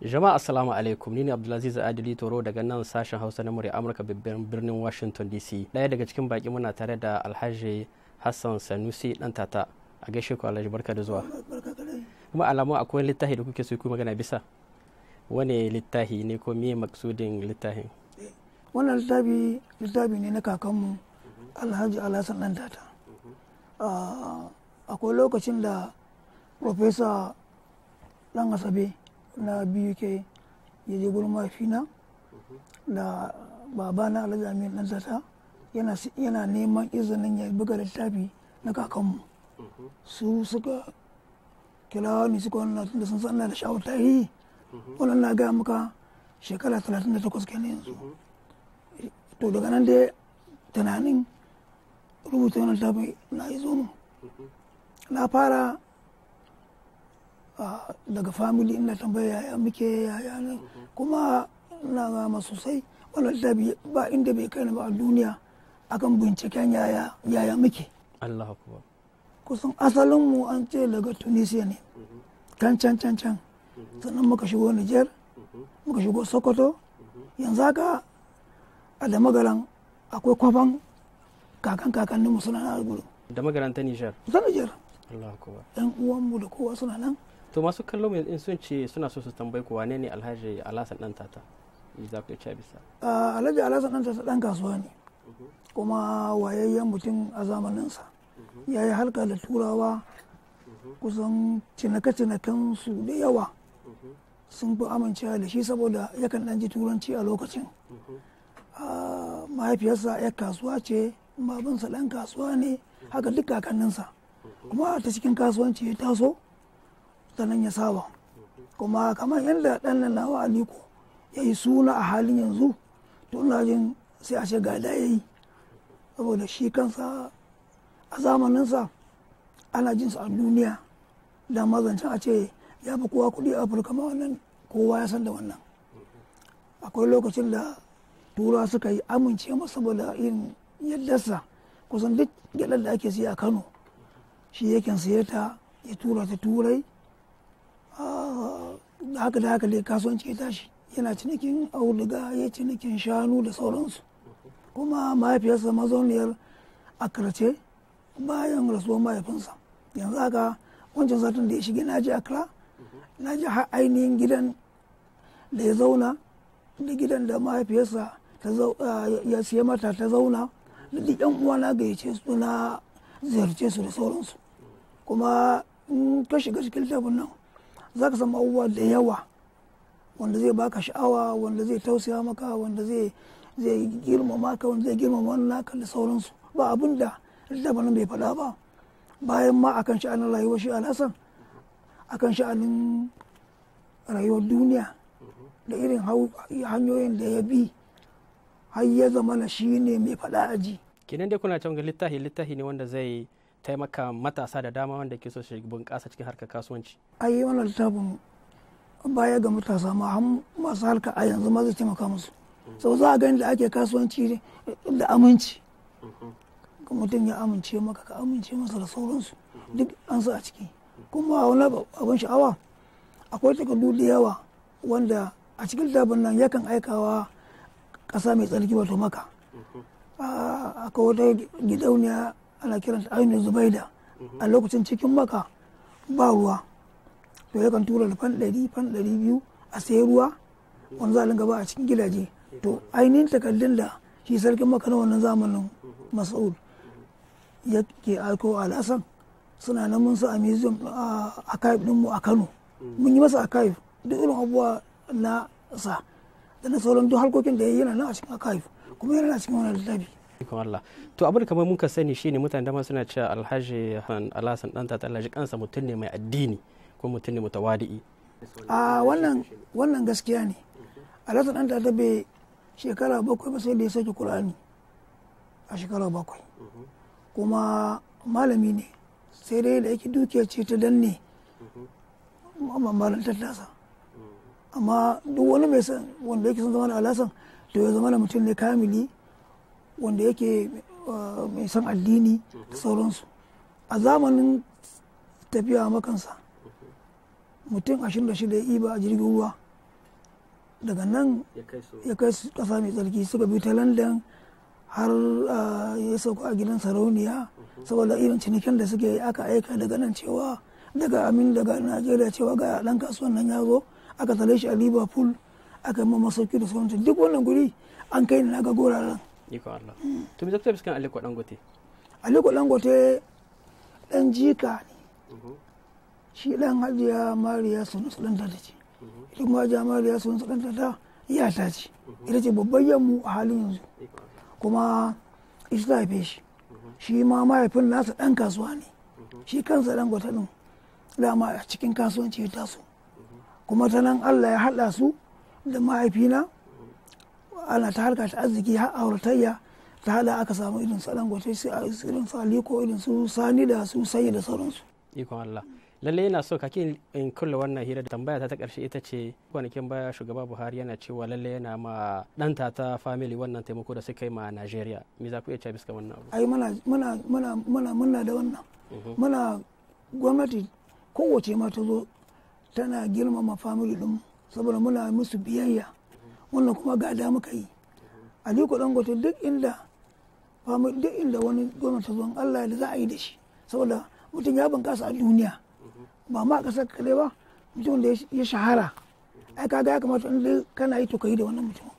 jama'a assalamu alaikum ni ne abdulaziz adili toro daga nan sashen hausa na murya amurka babban birnin washington dc daya daga cikin baki muna tare da alhaji hassan sanusi dan tata a gaishe ku alhaji barka da zuwa kuma alamu akwai littafi da kuke so ku magana bisa wani littafi ne ko miye maksudin littafin wannan littafi littafi ne na kakanmu alhaji alhassan dan tata akwai lokacin da profesa dan asabe na biyu ke ya je gurin mafina da babana alhaji amin zata yana neman izinin ya buga littafi na kakanmu su suka kila ni suka wannan tunda sun san da sha'awar tarihi wannan na gaya maka shekara 38 kenan yanzu to daga nan dai tunanin rubuta wani littafi na yi zo na fara daga family ina tambaya yaya muke yaya ne kuma na gama sosai wannan littafi ba inda bai kai ba a duniya akan binciken yaya yaya muke Allah kusan asalin mu an ce daga tunisia ne can can can can sannan muka shigo niger muka shigo sokoto yanzu haka a da magaran akwai kwafan kakan kakannin mu suna na gudu da magaran ta niger ta niger yan uwanmu da kowa suna nan to masu kallon mu sun ce suna so su tambayi ku wane ne alhaji alhassan dan tata za ku ci bisa ah, alhaji alhassan dan tata dan kasuwa ne kuma wayayyen mutum a zamaninsa ya yi halka da turawa kusan cinaka-cinakan su da yawa sun fi amincewa da shi saboda yakan ɗan ji turanci a lokacin ah, mahaifiyarsa ya kasuwa ce babansa ɗan kasuwa ne haka duk kakanninsa kuma ta cikin kasuwanci ya taso tanan ya saba kuma kamar yadda ɗan nawa aliko ya yi suna a halin yanzu to jin sai a ce gada da ya yi saboda shi kansa a zamaninsa ana jinsu a duniya da mazancin a ce ya fi kowa kuɗi a afirka ma wannan kowa ya san da wannan akwai lokacin da turawa suka yi amince masa saboda yin yaddarsa kusan duk gyaɗar da ake siya a kano shi yakin siyata ya tura ta turai da ah, haka da haka dai kasuwanci ya tashi yana cinikin auduga ya cinikin shanu da sauransu kuma mahaifiyarsa mazauniyar a karce bayan rasuwar mahaifinsa yanzu haka wancan satin da ya shige na ji akra na ji har ainihin gidan da ya zauna da gidan da mahaifiyarsa ya siya mata ta zauna da duk yan uwa na gayyace su na ziyarce su da sauransu kuma in ka shiga cikin tafin nan za ka samu abubuwa da yawa wanda zai baka sha'awa wanda zai tausaya maka wanda zai zai girmama ka wanda zai girmama naka da sauransu ba abin da littafin bai faɗa ba bayan ma akan sha'anin rayuwar shi alhassan akan sha'anin rayuwar duniya da irin hanyoyin da ya bi har ya zama na shi ne mai faɗa aji kenan dai kuna can ga littafi littafi ne wanda zai taimaka matasa da dama wanda ke so shiga bunƙasa cikin harkar kasuwanci a yi wannan littafin baya ga matasa ma masu harka a yanzu ma zai taimaka musu sau za a gani da ake kasuwanci da aminci mutum ya amince maka ka amince masa da sauransu duk an sa a ciki kuma a wani abin sha'awa akwai takardu da yawa wanda a cikin littafin nan yakan aikawa ƙasa mai tsarki wato maka akwai wata gidauniya ana kiranta shi ainihin da a lokacin cikin maka ba ruwa to ya kan tura da fan ɗari fan ɗari biyu a sai ruwa wani zalin gaba a cikin gidaje to ainihin takardun da shi sarkin maka na wannan zamanin mas'ud yake aiko al'asan suna nan mun su a museum a kaif ɗinmu a kano mun yi masa a kaif duk irin abubuwa na sa da na sauran duk harkokin da ya yana nan a cikin a kaif kuma yana a cikin wani littafi ikon Allah to abin kamar ka sani shine mutane dama suna cewa alhaji alhassan dan tata alhaji kansa mutum ne mai addini ko mutum ne mutawadi'i a wannan wannan gaskiya ne alhassan dan tata bai shekara bakwai ba sai da ya sauke qur'ani a shekara bakwai kuma malami ne sai dai da yake dukiya ce ta danne malam tattasa amma duk wani mai san wanda yake son zama da alhassan to ya zama da mutum ne kamili wanda yake uh, mai son addini da sauransu a zamanin tafiya makansa mutum 26 ya iba a jirgin ruwa daga nan ya kai su kasa mai tsarki suka bi ta london har uh, ya sauka a gidan sarauniya saboda irin cinikin da suke aka aika daga nan cewa daga amin daga najeriya cewa ga dan kasuwan nan ya zo aka tare shi a liverpool aka yi masauki da sauransu duk wannan guri an kai na ga goraren ikon Allah to me zaka biskan Aliko Dangote Aliko Dangote dan jika ne mhm. shi dan Hajiya Mariya sun su da tata ce mhm. ita kuma Hajiya Mariya sun su da tata iya ta ce mhm. ita ce babban yammu a halin yanzu kuma ita ta haife shi shi ma mahaifin nasa dan kasuwa ne shi kansa Dangote din dama a cikin kasuwanci ya taso kuma ta nan Allah ya haɗa su da mahaifina ana ta harka ta arziki har auratayya ta hada aka samu irin su dangote sai a irin su aliko irin su sani da su sayi da sauransu ikon allah lalle yana so kake in kulle wannan hira da tambaya ta ta karshe ita ce kwanakin baya shugaba buhari yana cewa lalle yana ma dan ta family wannan taimako da suka yi ma nigeria me za ku iya cewa bisa wannan abu ai muna muna muna muna muna da wannan mhm. muna gwamnati kowace ma ta zo tana girmama family din saboda muna musu biyayya wannan kuma ga da muka yi aliko dangote duk inda duk inda wani gwamnati zuwan allah da za a yi da shi saboda mutum ya bunkasa a duniya ba ma kasar kare ba mutum da ya shahara ai kaga ya kamata in dai kana yi to ka yi da wannan mutum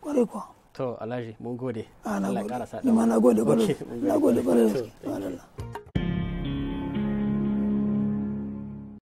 kwarai kuwa to alhaji mun gode ah, allah ƙara sa na gode kwarai na gode kwarai